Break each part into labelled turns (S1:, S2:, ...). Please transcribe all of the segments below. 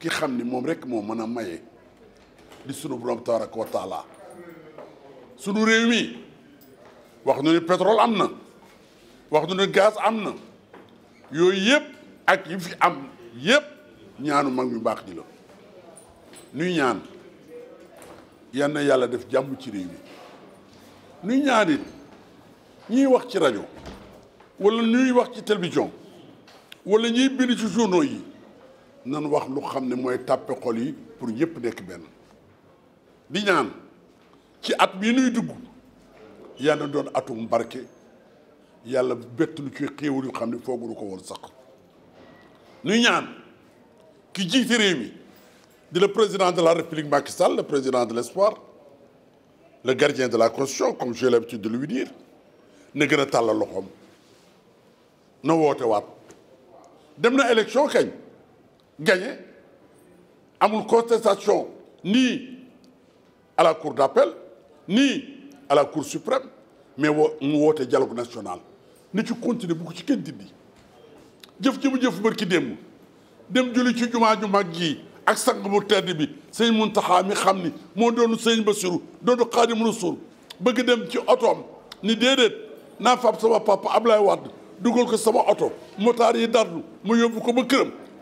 S1: ki xam ni moom rek moo mën a maye di sunu borom tabaraka wa sunu réew mi wax nu ni pétrole am na wax nu ni gaz am na yooyu yëpp ak yi fi am yëpp ñaanu mag ñu baax di la nuy ñaan yal na yàlla def jàmm ci réew mi nuy ñaan it wax ci rajo wala ñuy wax ci télévision walla ñuy bind ci journaux yi nan wax lu xam ne tapé xol yi pour ñepp nekk ben di ñaan ci at bi nuy dugg yalla doon atu mbarké yalla bett lu ci xéewal yu xam ne fooguru ko woon sax nuy ñaan ki jiite réew mi di le président de la république Macky Sall le président de l'espoir le gardien de la constitution comme j'ai l'habitude de lui dire na gën a loxom loxoom na woote waat élection kañ gagné amul contestation ni à la cour d'appel ni à la cour suprême mais woo mu woote dialogue national na ci continuer bu ko ci kenn dindi jëf ji mu jëf bërki démb dem julli ci jumaa ju ji ak sang bu tedd bi sëñ Muntaxa mi xam ni moo doonu sëñ Basiru doonu Xaadimu Rasuul bëgg dem ci otoom ni déedéet naa fab sama ab Ablaye Wade dugal ko sama oto motaar yi dardu mu yóbbu ko ba këram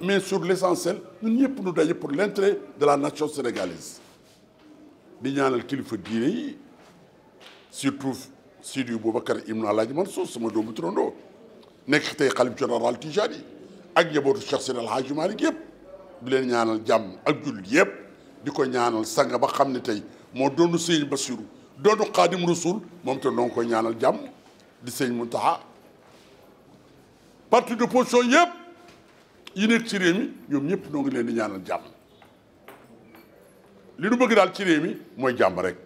S1: mais sur l'essentiel nous sommes nous d'ailleurs pour l'intérêt de la nation sénégalaise faut dire, kilifa diine yi surtout Sidi Boubacar Ibn Alaaji Mansour sama doomu de nekk tey xalif général Tijani ak njabootu Cheikh Sangaba vous faire. Malick yëpp di leen ñaanal Jam, ba a faire. te de position yi ci réew mi ñoom ñëpp noo ngi leen di ñaanal jàmm li nu bëgg daal ci réew mi mooy jàmm rek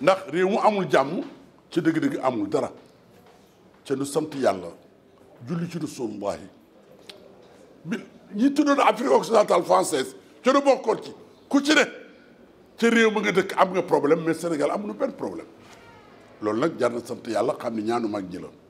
S1: ndax réew mu amul jàmm ci dëgg-dëgg amul dara te nu sant yàlla julli ci Rasulullaahi bi ñi tuddoon Afrique occidentale française te nu bokkoon ci ku ci ne ca réew ma nga dëkk am nga problème mais Sénégal amul benn problème loolu nag jar samt yàlla xam ne ñaanu mag ñi la